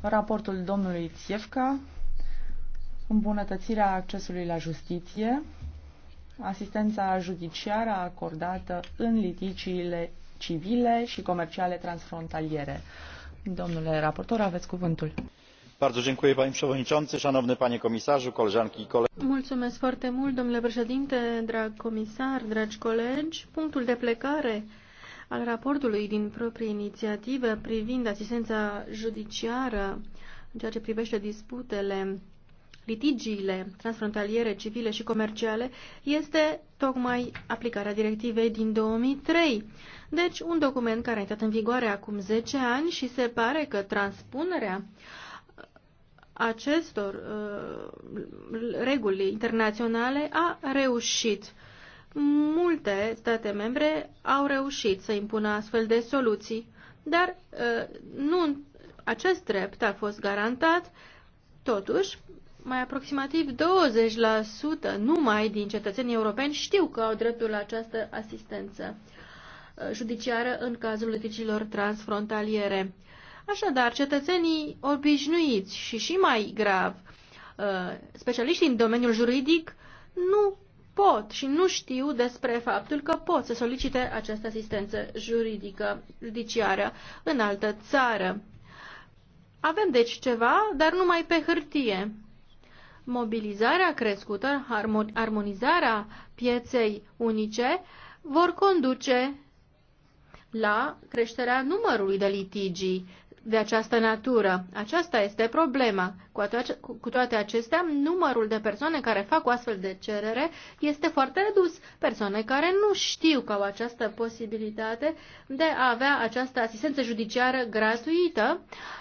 raportul domnului Țiefca, îmbunătățirea accesului la justiție, asistența judiciară acordată în litigiile civile și comerciale transfrontaliere. Domnule raportor, aveți cuvântul. Mulțumesc foarte mult, domnule președinte, drag comisar, dragi colegi. Punctul de plecare al raportului din proprie inițiativă privind asistența judiciară în ceea ce privește disputele, litigiile transfrontaliere, civile și comerciale, este tocmai aplicarea directivei din 2003. Deci, un document care a intrat în vigoare acum 10 ani și se pare că transpunerea acestor uh, reguli internaționale a reușit. Multe state membre au reușit să impună astfel de soluții, dar ă, nu acest drept a fost garantat. Totuși, mai aproximativ 20% numai din cetățenii europeni știu că au dreptul la această asistență ă, judiciară în cazul litigiilor transfrontaliere. Așadar, cetățenii obișnuiți și și mai grav, ă, specialiștii în domeniul juridic, nu pot și nu știu despre faptul că pot să solicite această asistență juridică judiciară în altă țară. Avem deci ceva, dar numai pe hârtie. Mobilizarea crescută, armonizarea pieței unice vor conduce la creșterea numărului de litigii de această natură. Aceasta este problema. Cu toate acestea, numărul de persoane care fac o astfel de cerere este foarte redus. Persoane care nu știu că au această posibilitate de a avea această asistență judiciară gratuită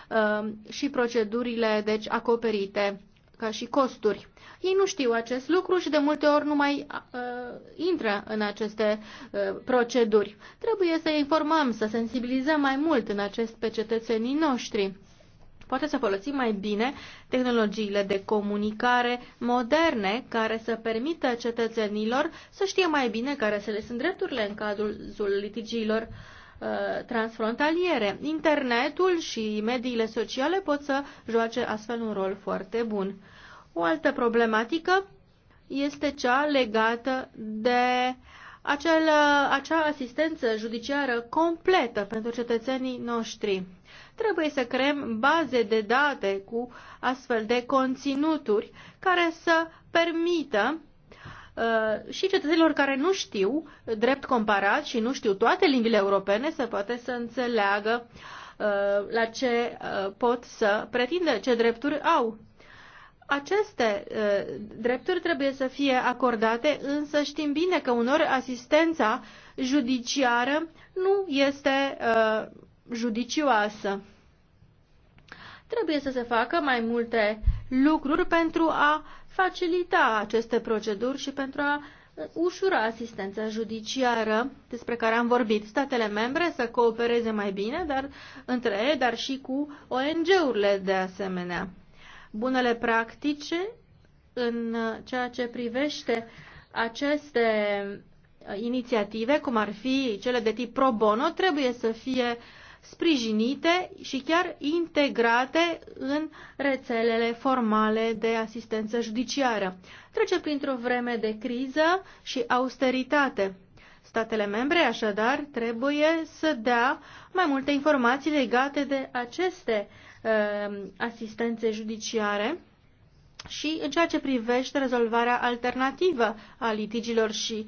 uh, și procedurile deci acoperite ca și costuri. Ei nu știu acest lucru și de multe ori nu mai uh, intră în aceste uh, proceduri. Trebuie să informăm, să sensibilizăm mai mult în acest pe cetățenii noștri. Poate să folosim mai bine tehnologiile de comunicare moderne care să permită cetățenilor să știe mai bine care să le sunt drepturile în cadrul litigiilor transfrontaliere. Internetul și mediile sociale pot să joace astfel un rol foarte bun. O altă problematică este cea legată de acel, acea asistență judiciară completă pentru cetățenii noștri. Trebuie să creăm baze de date cu astfel de conținuturi care să permită uh, și cetățenilor care nu știu drept comparat și nu știu toate limbile europene să poate să înțeleagă uh, la ce uh, pot să pretindă, ce drepturi au. Aceste uh, drepturi trebuie să fie acordate, însă știm bine că unor asistența judiciară nu este uh, judicioasă. Trebuie să se facă mai multe lucruri pentru a facilita aceste proceduri și pentru a ă, ușura asistența judiciară despre care am vorbit. Statele membre să coopereze mai bine, dar între ele, dar și cu ONG-urile de asemenea bunele practici în ceea ce privește aceste uh, inițiative, cum ar fi cele de tip pro bono, trebuie să fie sprijinite și chiar integrate în rețelele formale de asistență judiciară. Trece printr-o vreme de criză și austeritate. Statele membre, așadar, trebuie să dea mai multe informații legate de aceste uh, Um, asistențe judiciare și în ceea ce privește rezolvarea alternativă a litigilor și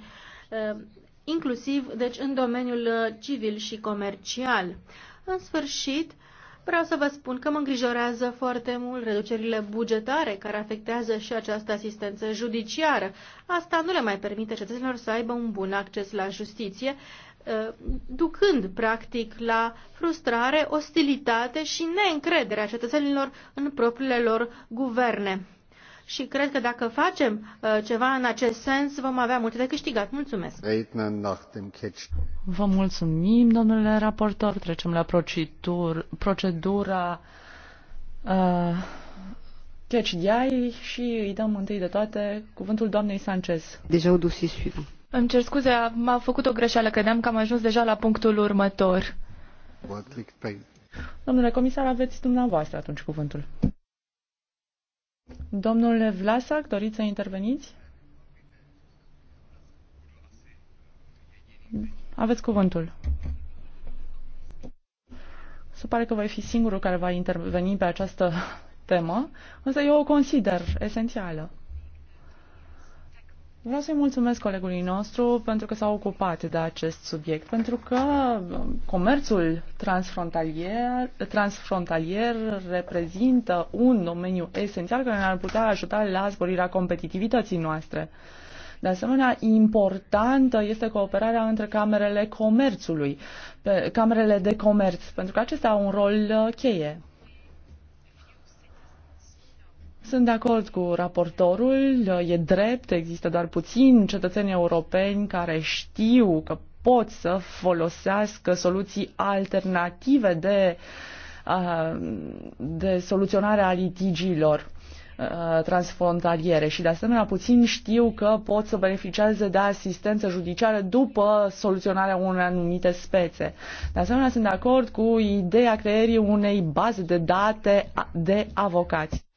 um, inclusiv deci în domeniul uh, civil și comercial. În sfârșit, vreau să vă spun că mă îngrijorează foarte mult reducerile bugetare care afectează și această asistență judiciară. Asta nu le mai permite cetățenilor să aibă un bun acces la justiție, Uh, ducând practic la frustrare, ostilitate și neîncrederea cetățenilor în propriile lor guverne. Și cred că dacă facem uh, ceva în acest sens, vom avea multe de câștigat. Mulțumesc! Vă mulțumim, domnule raportor. Trecem la procedur, procedura uh, și îi dăm întâi de toate cuvântul doamnei Sanchez. Deja o dus suivant. Îmi cer scuze, m-a făcut o greșeală, credeam că am ajuns deja la punctul următor. Domnule comisar, aveți dumneavoastră atunci cuvântul. Domnule Vlasac, doriți să interveniți? Aveți cuvântul. Se pare că voi fi singurul care va interveni pe această temă, însă eu o consider esențială. Vreau să-i mulțumesc colegului nostru pentru că s-a ocupat de acest subiect, pentru că um, comerțul transfrontalier, transfrontalier reprezintă un domeniu esențial care ne-ar putea ajuta la sporirea competitivității noastre. De asemenea, importantă este cooperarea între camerele comerțului, pe, camerele de comerț, pentru că acestea au un rol uh, cheie. Sunt de acord cu raportorul, e drept, există doar puțini cetățeni europeni care știu că pot să folosească soluții alternative de, de soluționare a litigiilor transfrontaliere și de asemenea puțin știu că pot să beneficieze de asistență judiciară după soluționarea unei anumite spețe. De asemenea sunt de acord cu ideea creierii unei baze de date de avocați.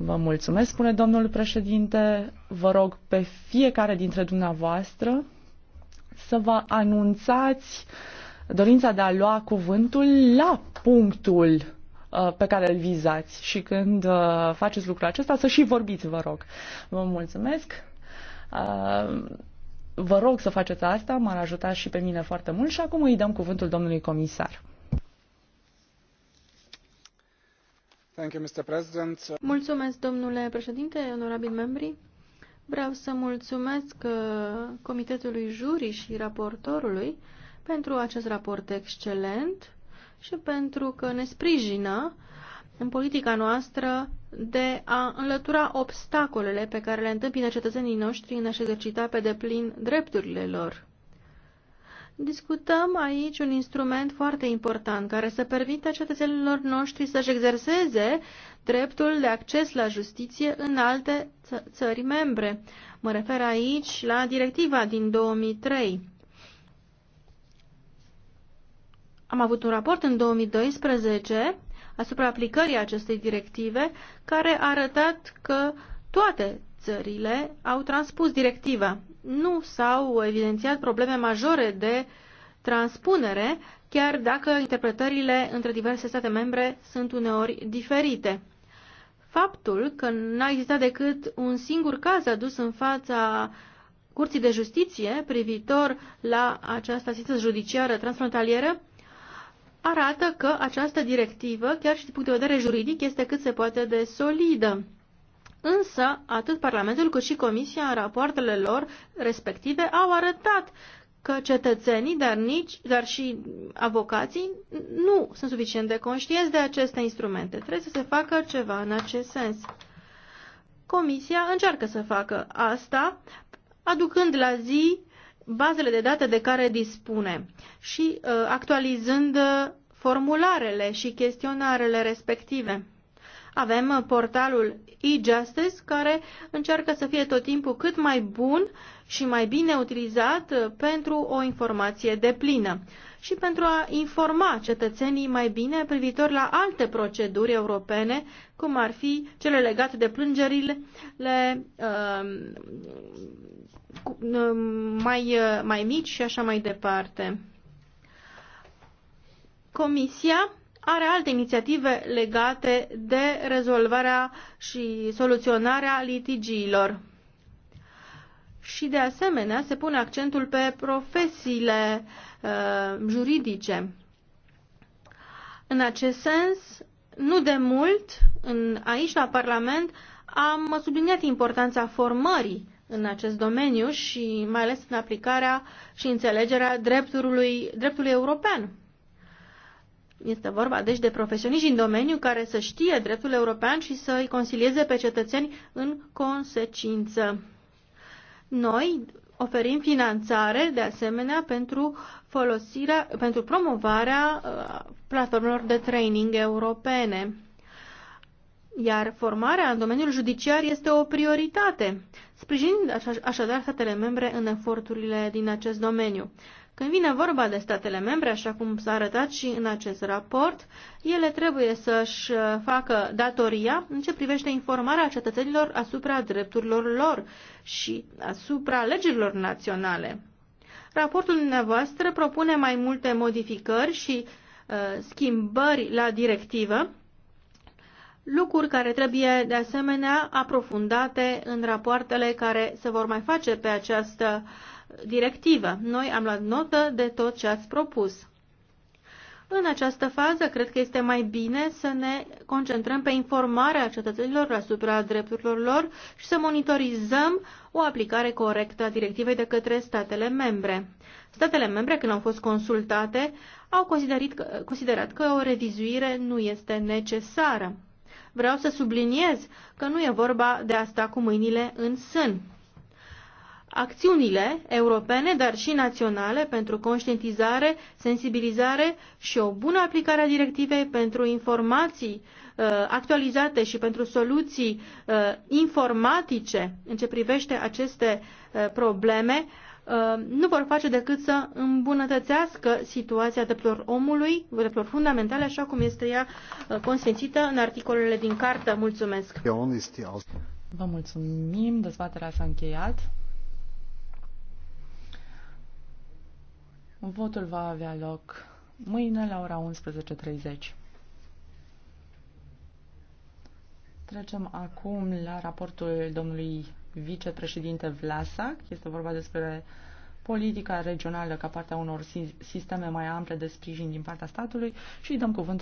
Vă mulțumesc, spune domnul președinte. Vă rog pe fiecare dintre dumneavoastră să vă anunțați dorința de a lua cuvântul la punctul uh, pe care îl vizați și când uh, faceți lucrul acesta să și vorbiți, vă rog. Vă mulțumesc. Uh, vă rog să faceți asta, m-ar ajuta și pe mine foarte mult și acum îi dăm cuvântul domnului comisar. Mulțumesc, domnule președinte, onorabili membri. Vreau să mulțumesc uh, Comitetului juri și raportorului pentru acest raport excelent și pentru că ne sprijină în politica noastră de a înlătura obstacolele pe care le întâmpină cetățenii noștri în a-și exercita pe deplin drepturile lor. Discutăm aici un instrument foarte important care să permită cetățenilor noștri să-și exerseze dreptul de acces la justiție în alte țări membre. Mă refer aici la directiva din 2003. Am avut un raport în 2012 asupra aplicării acestei directive care a arătat că toate țările au transpus directiva nu s-au evidențiat probleme majore de transpunere, chiar dacă interpretările între diverse state membre sunt uneori diferite. Faptul că n-a existat decât un singur caz adus în fața Curții de Justiție privitor la această asistență judiciară transfrontalieră arată că această directivă, chiar și din punct de vedere juridic, este cât se poate de solidă. Însă, atât Parlamentul cât și Comisia în rapoartele lor respective au arătat că cetățenii, dar, nici, dar și avocații nu sunt suficient de conștienți de aceste instrumente. Trebuie să se facă ceva în acest sens. Comisia încearcă să facă asta, aducând la zi bazele de date de care dispune și uh, actualizând uh, formularele și chestionarele respective. Avem uh, portalul e-justice care încearcă să fie tot timpul cât mai bun și mai bine utilizat uh, pentru o informație deplină și pentru a informa cetățenii mai bine privitor la alte proceduri europene, cum ar fi cele legate de plângerile um, um, uh, mai, mai mici și așa mai departe. Comisia are alte inițiative legate de rezolvarea și soluționarea litigiilor. Și de asemenea se pune accentul pe profesiile uh, juridice. În acest sens, nu de mult, în, aici la Parlament, am subliniat importanța formării în acest domeniu și mai ales în aplicarea și înțelegerea dreptului, dreptului european este vorba deci de profesioniști în domeniu care să știe dreptul european și să îi consilieze pe cetățeni în consecință. Noi oferim finanțare de asemenea pentru folosirea, pentru promovarea uh, platformelor de training europene iar formarea în domeniul judiciar este o prioritate, sprijinind așadar statele membre în eforturile din acest domeniu. Când vine vorba de statele membre, așa cum s-a arătat și în acest raport, ele trebuie să-și uh, facă datoria în ce privește informarea cetățenilor asupra drepturilor lor și asupra legilor naționale. Raportul dumneavoastră propune mai multe modificări și uh, schimbări la directivă lucruri care trebuie de asemenea aprofundate în rapoartele care se vor mai face pe această directivă. Noi am luat notă de tot ce ați propus. În această fază, cred că este mai bine să ne concentrăm pe informarea cetățenilor asupra drepturilor lor și să monitorizăm o aplicare corectă a directivei de către statele membre. Statele membre, când au fost consultate, au considerat că, considerat că o revizuire nu este necesară. Vreau să subliniez că nu e vorba de a sta cu mâinile în sân. Acțiunile europene, dar și naționale, pentru conștientizare, sensibilizare și o bună aplicare a directivei pentru informații uh, actualizate și pentru soluții uh, informatice în ce privește aceste uh, probleme Uh, nu vor face decât să îmbunătățească situația drepturilor omului, drepturilor fundamentale, așa cum este ea uh, consfințită în articolele din cartă. Mulțumesc! Vă mulțumim, dezbaterea s-a încheiat. Votul va avea loc mâine la ora 11.30. Trecem acum la raportul domnului vicepreședinte Vlasac. Este vorba despre politica regională ca partea unor sisteme mai ample de sprijin din partea statului și îi dăm cuvântul